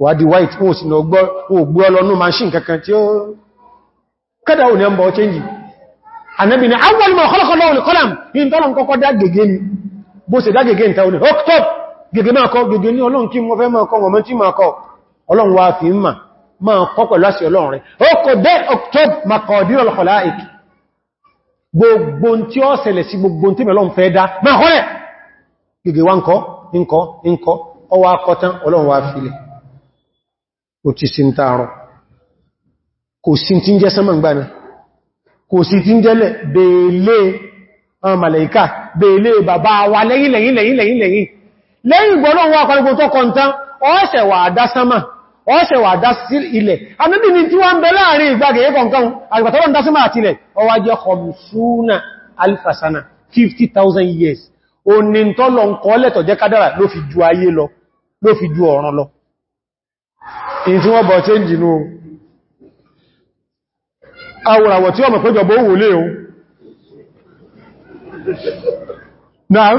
wàdí white wọ́n sì lọ gbọ́ ọlọ́nú machine kankan tí ó kẹ́dà ò ní ọmọ ọ̀chẹ́njì Ànábì ni awwal ma khalaqa Allahu al-qalam yìí tọ́lọ̀ kọ́kọ́ dá gègé ni bó ṣe dá gègé ní tàwọn octop oh, gègé máa kọ́ gègé ní Ọlọ́run kí wọ́n fẹ́ máa kọ́ ọmọ tí máa kọ́ Ọlọ́run wá fi ń máa kọ́ pẹ̀lú àṣì Ọlọ́run rẹ̀ ọkọ̀ ọwọ́ akọ́tán Ọlọ́run wá filẹ̀ ó ti sí tààrùn kò sí tí ń jẹ́ sánmà gbána kò sí tí ń jẹ́lẹ̀ bèèlé màláíkà bèèlé bàbá wa lẹ́yìn lẹ́yìn lẹ́yìn lẹ́yìn lẹ́yìn lẹ́yìn gbọ́lọ́wọ́ akọrùgbò tó kọntán ọ́ọ̀sẹ̀ wà dá sánmà ọ́ọ̀sẹ̀ wà dá sí ilẹ̀ anábì ni tí years onintọ́lọ̀ ń kọ́ọ́lẹ̀ tọ̀jẹ́ kádàrà ló fi ju ayé lọ in ọbọchị wọ́n bọ̀ ṣe ń jìnú awòràwọ̀ tí ọmọ pẹ́jọ bó wù lé o náà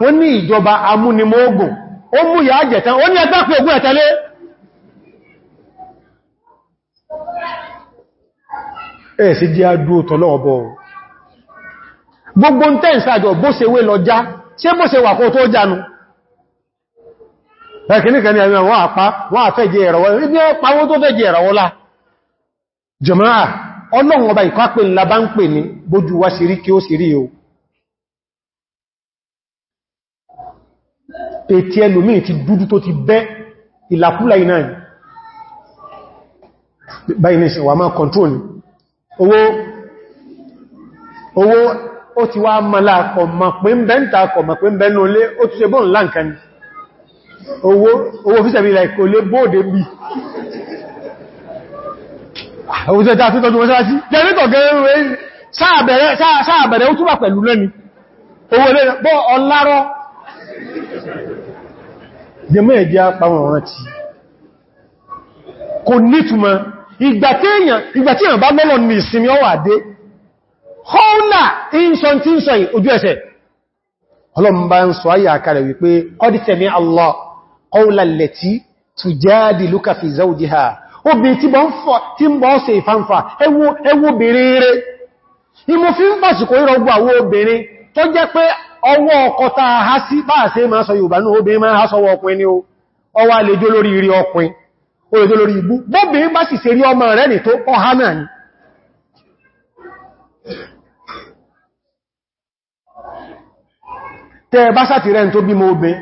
wọ́n ní ìjọba amúnimóògùn ó mú ìyà àjẹ̀tán ó ní ẹgbẹ́ pé ogún ẹ̀tẹ́lé ẹ̀ sí jẹ́ adú ọ̀tọ̀lọ́ gbogbo ń tẹ́ ṣe wé lọ já ṣe ẹkìníkà ni àwọn a àpá wọ́n a ẹ̀rọwọ́ ní ọpá wọ́n tó fẹ́jẹ ẹ̀rọwọ́ lá jọmọ́ra ọlọ́run ọba ìkọ́pẹ̀ ńlá bá ń pè ní bójú wá sí rí kí ó sì rí o ètí ẹlòmí ti dúdú tó ti bẹ́ ìlàkúlà iná báyìí ti ti owó owó fíṣẹ̀bí ìlàìkò lè bóòdé bí òṣèrè tàbí tọ́jú mọ́sálásí jẹ́rítọ̀ gẹ́rẹ́ eh, sáàbẹ̀rẹ̀ ó túnbà pẹ̀lú lẹ́ni owó lè bọ́ ọlárọ́ jẹmọ́ ẹ̀dẹ́ apáwọn rántí kò nítumọ̀ ìgbàtíyàn bá mọ́lọ̀ ní ìsinmi ọwà dé hóòlà ìṣọ́ntíṣọ́ ojú ẹsẹ̀ ọlọ́mbá ń sọ ayà kalẹ̀ wípé kọ́dítẹ̀ ní Allah qawla allati tujadiluka fi zawjiha obi ti bọ́ ń fọ tí ń bọ́ ṣe ìfàǹfà ẹwú obìnrin rẹ̀ ìmò fi ń pàṣìkò ìrọ̀ ogbò àwọn obìnrin ta ha ma sọ yoruba náà ma ha sọwọ́ ọkùnrin ni ó wá lè iri lórí rí ọha tẹ bá sáti rẹ̀ tó bí mo obìn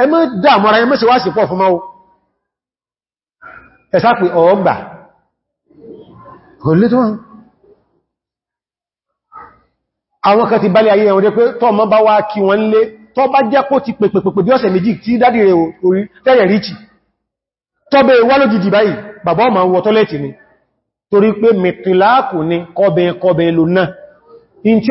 ẹmọ́ dámọ́ra ẹmọ́ sí wá sí pọ̀ fún máa ẹ̀sá pé ọgbà olè tó wọ́n àwọn kan ti balẹ̀ ayé ẹ̀wọ̀n jẹ́ pé tọ́ mọ́ bá wá kí wọ́n lé tọ́ bá jẹ́ kó ti pèpèpèpè bí ọ̀sẹ̀ ni torí pé mẹ̀tìláàkù ni kọbẹ̀ kọbẹ̀ lò náà in tí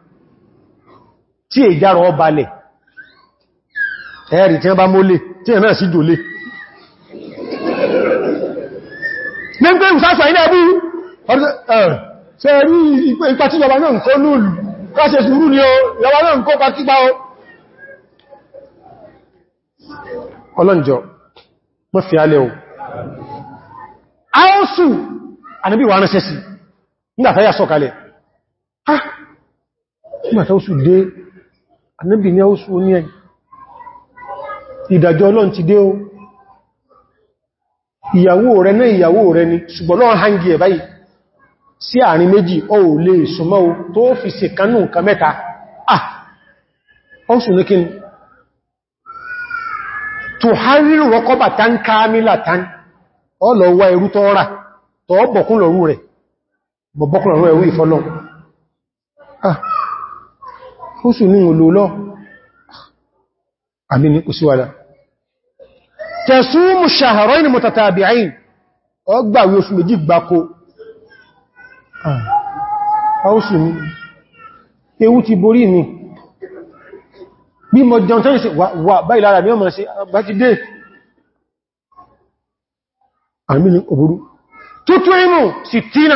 tí èjárọ̀ ọba lẹ̀ ẹ̀rì tí wọ́n bá mólé tí ẹ̀mẹ́ sí jòlé ní pé ìsásọ̀ ilẹ̀ ẹbú ṣe rí ipa tí ìjọba náà kó lúlù káṣe sùúrù ni o ìjọba náà kó pàtípa o ọlọ́njọ́ mọ́ fi alẹ́ o a ó sù àníbí wà ránṣẹ́ sí nígbàtá yà sọ̀kalẹ̀ ah nígbàtá ó sù dé ànábì ní ó sún ní ẹ̀yìn ìdàjọ́ ọlọ́run ti dé o ìyàwó rẹ̀ náà ìyàwó rẹ̀ ni ṣùgbọ́n náà hangi ẹ̀ báyìí sí àárín méjì ó ò lè o tó fi ṣe kanú nka mẹ́ta ah ó sùn ní kíni oṣù ní olú lọ àmì ní kò síwádà tẹ̀súnmù shahrayn mutatabi'ayn ọgbàwé oṣù méjì gbáko oṣù ah. ní ewu ti borí mi bí mọ̀ jẹun tẹ́yìn sí wà báyìí lára mi sí bá ti dé àmì ní òbúrú tútù inú sí tínà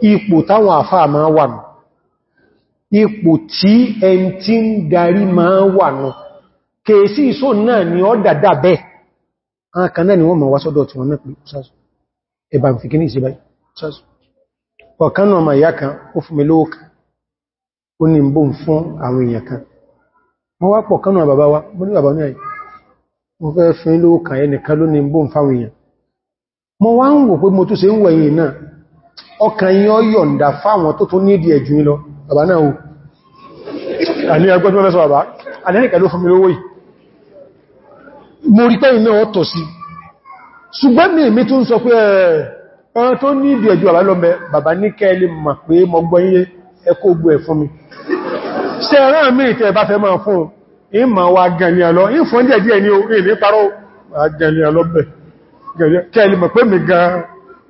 ipò táwọn àfà máa wà nù ipò tí ẹn tí ń darí máa wà nù kèèsí ìṣò náà ni ọ dàdà bẹ́ẹ̀ àkà náà ni wọ́n máa wá sọ́dọ̀ tí wọ́n náà pè sásù ẹbà ń fi kí ní báyìí sásù ọ̀kan náà ma ìyá kan ó fún mi lówó ọkàn yín yọ̀ǹda fáwọn tó tún nídìí ẹ̀jú yín lọ bàbá náà o àní ẹgbẹ́ tí wọ́n mẹ́sọ bàbá àníríkà ló fún mi lówó yìí mo rí pé iná ọ tọ̀ sí ṣùgbọ́n ní èmi tún sọ pé ẹ̀rọ tó nídìí ẹ̀jú bàbá lọ́mẹ bàbá ní kẹ́ẹ̀lẹ́ mà pé mọ gbọ́nyé ẹkọ́ wa gẹ̀lẹ́ lọ ìfún díẹ̀ díẹ̀ ni ó ní parọ́ gẹ̀lẹ́ lọ́bẹ̀ kẹ́ẹ̀lẹ́ mọ̀ pé mi gan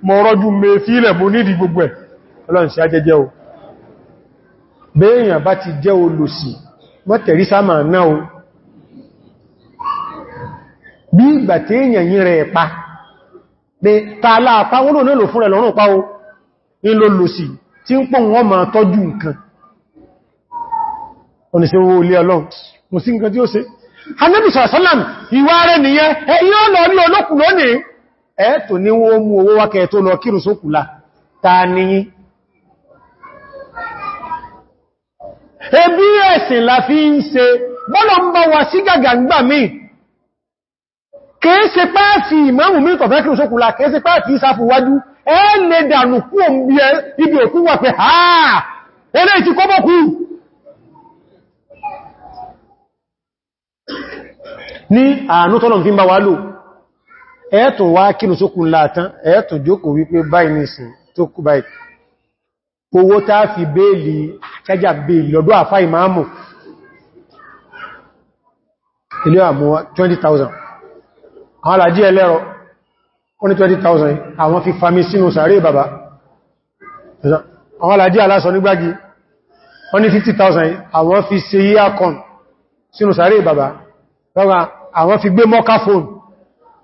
mọ̀ rọ́jú mẹ́ fílẹ̀ mú nídìí gbogbo ẹ̀ ọlọ́run sí ajẹ́jẹ́ o béèyàn bá ti jẹ́ olòṣì mọ́tẹ̀rí sáàmà náà o bí ìgbà tí èèyàn yí rẹ̀ pa pé tààlà àpáwọn náà lò fún rẹ̀ lọ́rùn pa o ní ló lòṣì tí ń pọ̀ wọ́n máa tọ́jú nǹkan ọ̀nìṣẹ́ owó ilé ẹ̀ẹ́tò ní wọ́n mú owó wákẹ́ tó lọ kírù sókùlá ta ní ẹbí ẹ̀sìn la fi ń ṣe bọ́lọ̀ ń bá wa sí gàgàǹgbà míì kèése páàtì ìmáàmù mí tọ̀fẹ́ kírù sókùlá kèése páàtì ìsáfù wájú ẹ́ẹ̀lẹ́ dànù kú ibi òkú wà pé àà ẹlẹ́ ti kọ́ bọ́kú ní àánú tọ́lọ̀ fi ń bá wa lò ẹ̀ẹ́tùn wá kírù sókùn látán ẹ̀ẹ́tùn jókòó wípé báyìí nìsìn tó kú báyìí owó táà fi béèlì chájà béèlì lọ́dọ́ àfá ìmáàmù ilé àmúwá 20,000 àwọn alájí ẹlẹ́rọ ó ní 20,000 àwọn fi fami sínú sàárè bàbá àwọn alájí aláṣọ nígbàgí ó ní 50,000 àwọn fi se yíyá kan sínú sàárè bàbá àwọn fi gbé mọ́ká fóònù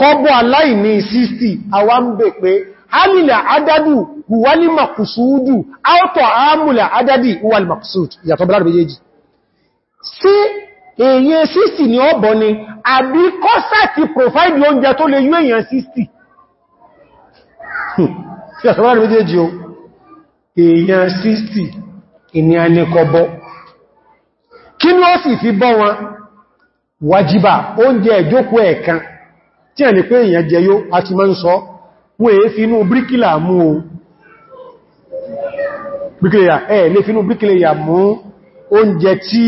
kọ́bọ̀ aláìní 60 àwa ń bè pé hálìlà adádù huwali makusúdù áwọ́tọ̀ àmúlà adádì huwali makusúdù ìyàtọ̀ bẹ̀rẹ̀ méjèèjì sí èyẹ 60 ni ọ bọ̀ ni àbí kọ́sẹ̀tì profaidi oúnjẹ tó lè yú èyàn 60 ni ó sì fi bọ́ wọn wàjíbà oúnjẹ ìjókòó ẹ̀kan tí ẹni pé èyàn jẹyó àti máa ń sọ wọ́n èé fi inú bríkìlà mú o bríkìlà ẹ̀ lè fi inú bríkìlà mú oúnjẹ tí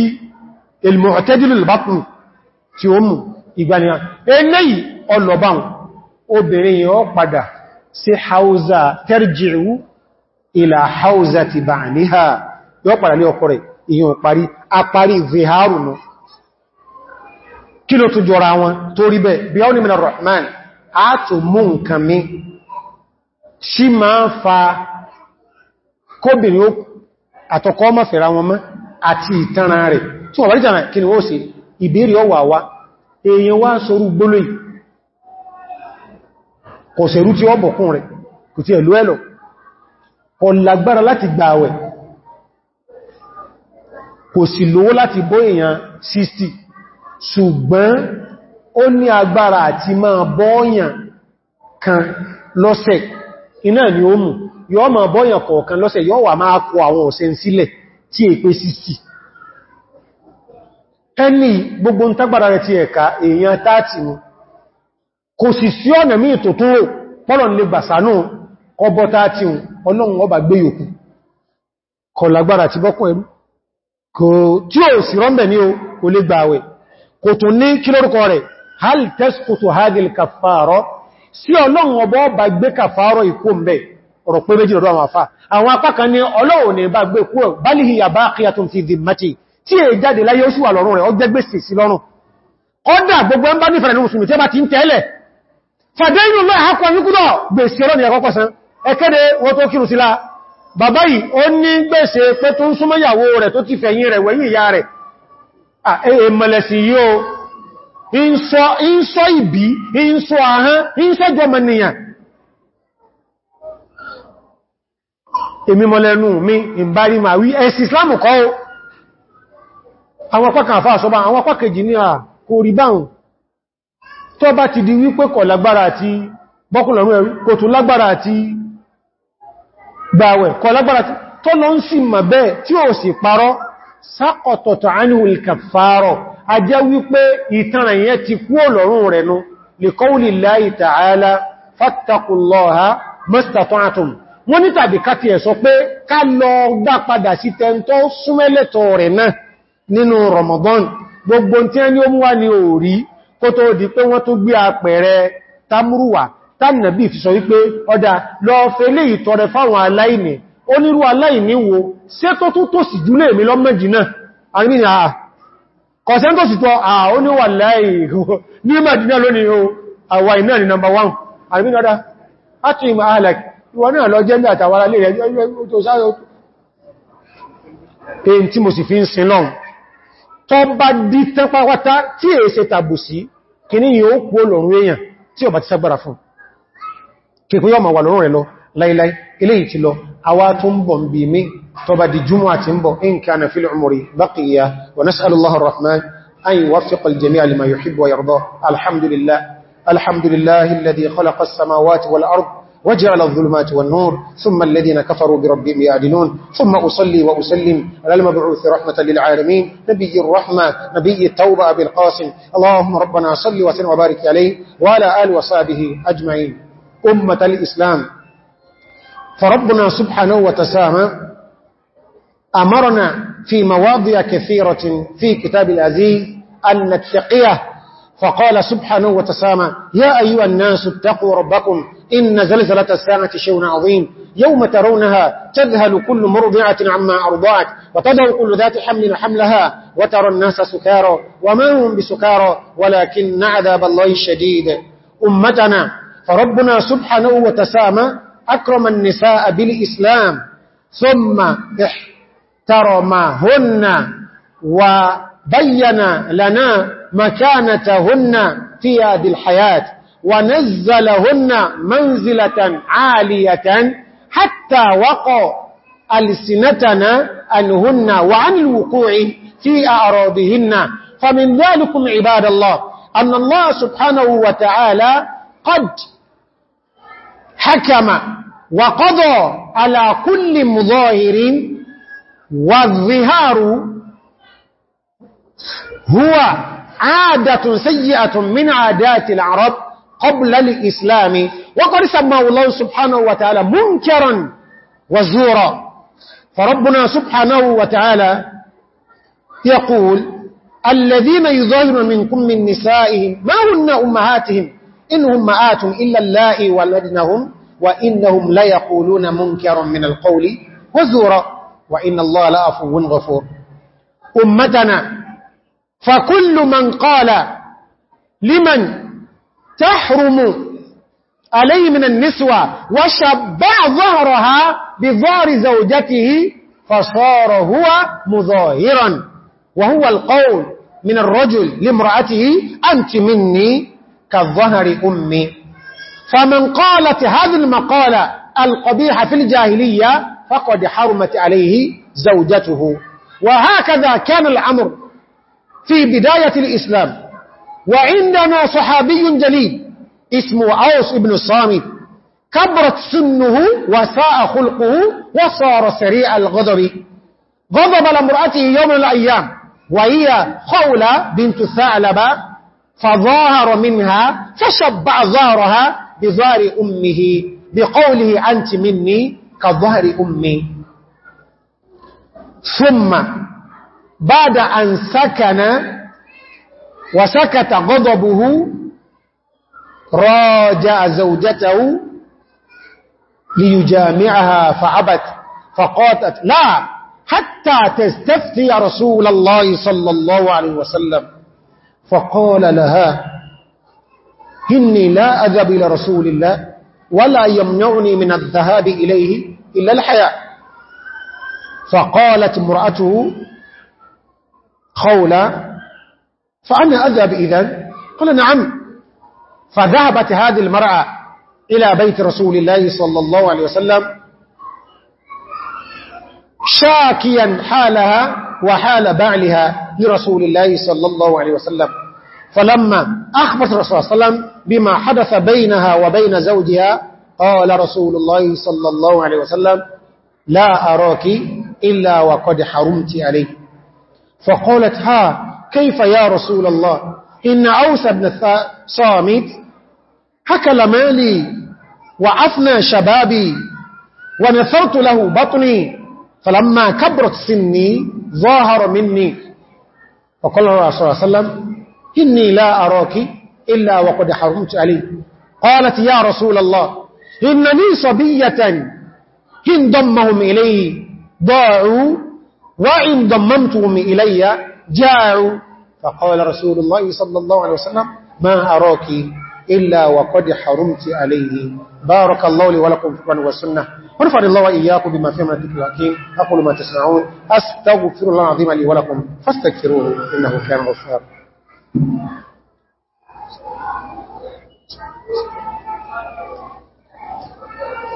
ilmọ̀ọ̀tẹ́dìlì bákùn tí ó mú ìgbàniyàn eléyìí ọlọ́báhùn obìnrin yẹn ó padà sí hauza tẹ́rìjìrú kí ló tún jọra wọn torí bẹ́ bí ọ́ ní rahman a tó mú nǹkan mi ṣí máa ń fa kóbìnrin àtọkọ́ mọ́fẹ̀ra wọn mọ́ àti ìtanra rẹ̀ tí wọ́n wáríjàmà kí ni ó sì ìbéèrè ọwà wá èèyàn wá sorú gbólóì kò sẹ̀rú tí ó bọ̀kún rẹ̀ 60 ṣùgbọ́n ó ní agbára àti máa bọ́ọ̀yàn kan lọ́sẹ̀ iná ni ó mú yọ́ máa bọ́ọ̀yàn kọ̀ọ̀kan lọ́sẹ̀ yọ́ wà máa kọ àwọn ọ̀sẹ̀ sílẹ̀ tí èpé sísì ẹni gbogbo ń tágbàrà rẹ̀ ti ẹ̀ka èèyàn táàtì mú kò sì sí ọ̀nà mí ìtòtó pọ́lọ̀ lè gbàsánú ọbọ̀ táàtì mú ọlọ́run ọba gbé yòkú kọ̀lágbàrà ti bọ́kọ̀ ẹ̀mú kò tí ò sí rọ́m̀bẹ̀ ní o kò lè gbàwẹ̀ kò tún ní kí lórúkọ rẹ̀ hal tasqutu hadhihi al-kaffara sí ọlọ́run ọba ọba gbé kàfàárọ̀ ikú mẹ́ ọ̀rọ̀ pé méjì lọ́dọ̀ àwọn àfá àwọn apákan ní ọlọ́run ní bá gbé kú ẹ̀ bálihi ya baqiyatun fi dhimmati tí è jáde láyé oṣù àlọ́run rẹ̀ ọjẹ́ gbèsè sí lọ́rùn ọdá gbogbo ẹmbá nífẹ̀ẹ́ nínú sùnmù tí a bá ti ń tẹ́lẹ̀ fàdẹ́yìn lọ́ àkọ́ yúkúdọ̀ èmọ̀lẹ̀sì yóò ìsọ ìbí ìsọ àhán ìsọ jọmọ̀nìyàn èmi mọ̀lẹ̀nù mi ìbárí ma wí ẹ̀sì islamu kọ́ o àwọn apákan àfáà sọba àwọn apákejì ní à kò rí báhùn tó bá ti di wípé kọ̀ lágbára àti bọ́kùnlọ̀rún ẹ̀rí kò tún lágbára àti gbàwẹ̀ kọ̀ lágbára tó lọ ń sì mọ̀ bẹ́ẹ̀ tí ó sì parọ́ sákọ̀tọ̀tọ̀ ánìwòl kàfàárọ̀ a jẹ́ wípé ìtànà yẹn ti kú ọlọ́run rẹ̀ nú lè kọ́wùlì láì tààlá fàtàkùnlọ́ha mọ́sítàtọ́nàtùn wọ́n ní tàbí káti ẹ̀ sọ pé ká lọ dá padà sí tẹ́ntọ́ súnmẹ́lẹ̀tọ̀ rẹ̀ náà nínú Ramadan gbogbo tí ẹni ó mú wá ní òòrí kó tó di pé wọ́n tó gbé apẹ̀rẹ tamruwa tánàbí fi sọ wípé ọdá lọ fẹ́lé ìtọrẹ fáwọn aláìní onírú aláìní ṣe tó tó tó sì jùlé mi lọ Mẹ́dínà àrímìnà àà kọ̀sẹ́ tó sì tọ́ àà ó ní wà láì ní Mẹ́dínà lónìí o àwà iná ni number one àrímìnà dá àti ìmọ̀ alec ìwọ náà lọ jẹ́ àtàwàrà lè rẹ̀ èyí tí mo sì fi ń sin lọ́n tó bá dí tẹ́pàwátá tí è ṣe tàbùsí kì ní yóò kú olóòrùn èèyàn tí ó bá ti awa tun bọ̀ bí mi tó bá di jùmọ́ àti ń bọ̀ in kana fil umri baqiya wa nas'alullahu ar-rahman an yuwaffiqa al-jami'a lima yuhibbu wa yarda alhamdulillah alhamdulillah alladhi khalaqa as-samawati wal ard وجعل الظلمات والنور ثم الذين كفروا بربهم يعدلون ثم أصلي وأسلم على المبعوث رحمة للعالمين نبي الرحمة نبي التوبة أبي القاسم اللهم ربنا صل وسلم وبارك عليه وعلى آل وصابه أجمعين أمة الإسلام فربنا سبحانه وتسامى أمرنا في مواضع كثيرة في كتاب الأزيز أن نتقيه فقال سبحانه وتسامى يا أيها الناس اتقوا ربكم إن زلزلة الساعة شيء عظيم يوم ترونها تذهل كل مرضعة عما أرضعت وتدعو كل ذات حمل حملها وترى الناس سكارى وما هم بسكارى ولكن عذاب الله شديد أمتنا فربنا سبحانه وتسامى أكرم النساء بالإسلام ثم احترمهن وبين لنا مكانتهن في هذه الحياة ونزلهن منزلة عالية حتى وقع ألسنتنا أنهن وعن الوقوع في أعراضهن فمن ذلكم عباد الله أن الله سبحانه وتعالى قد حكم وقضى على كل مظاهر والظهار هو عادة سيئة من عادات العرب قبل الإسلام وقد سماه الله سبحانه وتعالى منكرا وزورا فربنا سبحانه وتعالى يقول الذين يظاهرون منكم من نسائهم ما هن أمهاتهم إنهم مآت إلا الله ولدنهم وإنهم ليقولون منكر من القول وزورا وإن الله لأفو غفور أمتنا فكل من قال لمن تحرم عليه من النسوة وشبع ظهرها بظهر زوجته فصار هو مظاهرا وهو القول من الرجل لامرأته أنت مني كالظهر أمي فمن قالت هذه المقالة القبيحة في الجاهلية فقد حرمت عليه زوجته وهكذا كان الأمر في بداية الإسلام وعندنا صحابي جليل اسمه أوس بن الصامت كبرت سنه وساء خلقه وصار سريع الغضب غضب لامرأته يوم الأيام وهي خولة بنت ثعلبة فظاهر منها فشبع ظهرها بظهر أمه بقوله أنت مني كظهر أمي ثم بعد أن سكن وسكت غضبه راجع زوجته ليجامعها فعبت فقاتت لا حتى تستفتي رسول الله صلى الله عليه وسلم فقال لها إني لا أذهب إلى رسول الله ولا يمنعني من الذهاب إليه إلا الحياة فقالت امرأته قولا فأنا أذهب إذن قال نعم فذهبت هذه المرأة إلى بيت رسول الله صلى الله عليه وسلم شاكيا حالها وحال بعلها لرسول الله صلى الله عليه وسلم فلما رسول الرسول صلى الله عليه وسلم بما حدث بينها وبين زوجها قال رسول الله صلى الله عليه وسلم لا أراك إلا وقد حرمت عليه فقالت ها كيف يا رسول الله إن أوس بن صامت حكل مالي وعفنى شبابي ونثرت له بطني فلما كبرت سني ظاهر مني فقال الله صلى الله عليه وسلم إني لا أراك إلا وقد حرمت علي قالت يا رسول الله إنني صبية إن ضمهم إلي ضاعوا وإن ضممتهم إلي جاعوا فقال رسول الله صلى الله عليه وسلم ما أراك إلا وقد حرمت عليه بارك الله لي ولكم في القرآن والسنة ونفع الله وإياكم بما فيه من الذكر الحكيم أقول ما تسمعون أستغفر الله العظيم لي ولكم فاستغفروه إنه كان غفار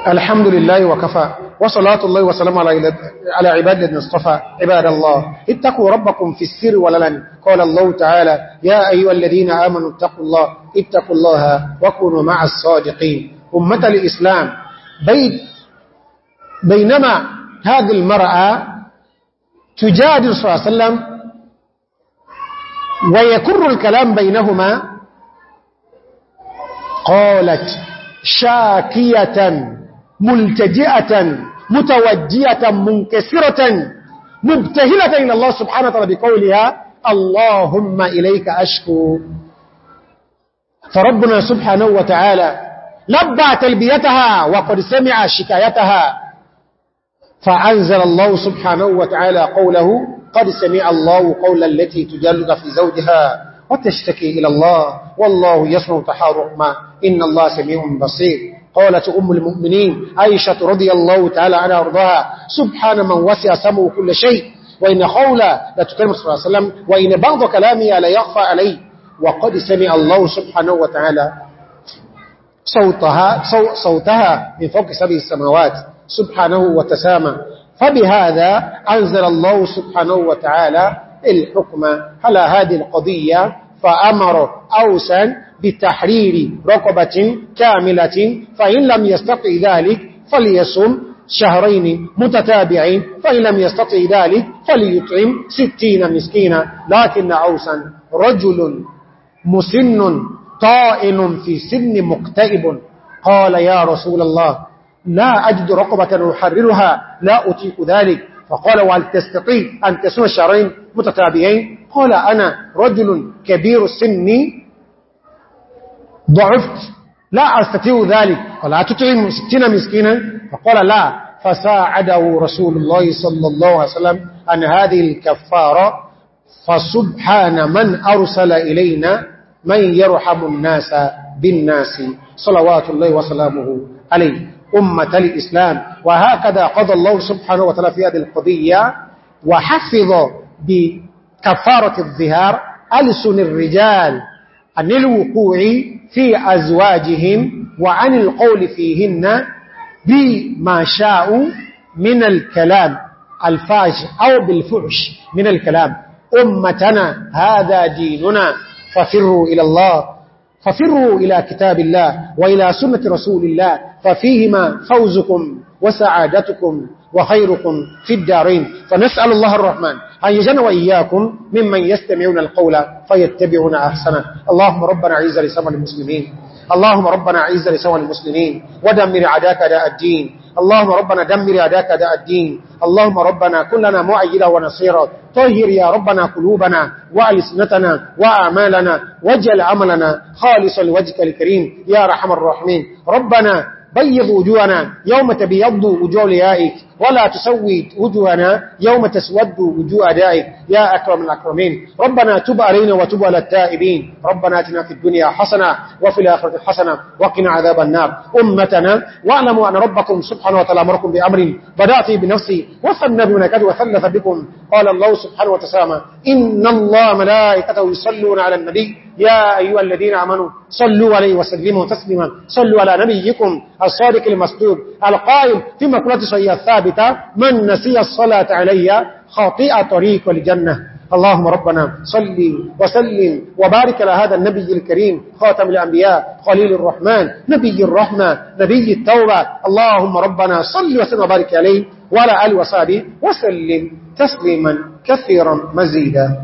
الحمد لله وكفى وصلاة الله وسلام على على عباد الذين اصطفى عباد الله اتقوا ربكم في السر وللن قال الله تعالى يا أيها الذين آمنوا اتقوا الله اتقوا الله وكونوا مع الصادقين أمة الإسلام بين بينما هذه المرأة تجادل صلى الله عليه وسلم ويكر الكلام بينهما قالت شاكية ملتجئة متوجية منكسرة مبتهلة إلى الله سبحانه وتعالى بقولها اللهم إليك أشكو فربنا سبحانه وتعالى لبى تلبيتها وقد سمع شكايتها فأنزل الله سبحانه وتعالى قوله قد سمع الله قولا التي تجلد في زوجها وتشتكي إلى الله والله يسمع تحارما إن الله سميع بصير قالت أم المؤمنين عائشة رضي الله تعالى عنها أرضها سبحان من وسع سمو كل شيء وإن قولا لا تكلم صلى الله عليه وسلم وإن بعض كلامي لا يخفى عليه وقد سمع الله سبحانه وتعالى صوتها, صوتها من فوق سبع السماوات سبحانه وتسامى فبهذا أنزل الله سبحانه وتعالى الحكم على هذه القضية فأمر أوسا بتحرير رقبة كاملة فإن لم يستطع ذلك فليصم شهرين متتابعين فإن لم يستطع ذلك فليطعم ستين مسكينا لكن أوسا رجل مسن طائن في سن مكتئب قال يا رسول الله لا أجد رقبة أحررها لا أتيق ذلك فقال وهل تستطيع أن تسمى الشهرين متتابعين قال أنا رجل كبير السن ضعفت لا أستطيع ذلك قال أتطعم ستين مسكينا فقال لا فساعده رسول الله صلى الله عليه وسلم أن هذه الكفارة فسبحان من أرسل إلينا من يرحم الناس بالناس صلوات الله وسلامه عليه أمة الإسلام وهكذا قضى الله سبحانه وتعالى في هذه القضية وحفظ بكفارة الظهار ألسن الرجال عن الوقوع في أزواجهم وعن القول فيهن بما شاءوا من الكلام الفاج أو بالفعش من الكلام أمتنا هذا ديننا ففروا إلى الله ففروا إلى كتاب الله وإلى سنة رسول الله ففيهما فوزكم وسعادتكم وخيركم في الدارين فنسأل الله الرحمن أن يجن وإياكم ممن يستمعون القول فيتبعون أحسنه اللهم ربنا عز لسمع المسلمين اللهم ربنا عز لسوى المسلمين ودمر عداك داء الدين اللهم ربنا دمر عداك داء الدين اللهم ربنا كلنا معيدا ونصيرا طهر يا ربنا قلوبنا وألسنتنا وأعمالنا واجعل عملنا خالصا لوجهك الكريم يا رحم الرحمين ربنا بيض وجوهنا يوم تبيض وجوه ليائك ولا تسود وجوهنا يوم تسود وجوه أدائك يا أكرم الأكرمين ربنا تب علينا وتب على التائبين ربنا اتنا في الدنيا حسنة وفي الآخرة حسنة وقنا عذاب النار أمتنا واعلموا أن ربكم سبحانه وتعالى أمركم بأمر بدأت بنفسي وثنى منكد وثلث بكم قال الله سبحانه وتسامى إن الله ملائكته يصلون على النبي يا أيها الذين آمنوا صلوا عليه وسلموا تسلما صلوا على نبيكم الصادق المسدود القائم في مقولة صحية الثابتة من نسي الصلاة علي خطيئة طريق الجنة اللهم ربنا صلي وسلم وبارك على هذا النبي الكريم خاتم الأنبياء خليل الرحمن نبي الرحمة نبي التوبة اللهم ربنا صلي وسلم وبارك عليه وعلى آل وصحبه وسلم تسليما كثيرا مزيدا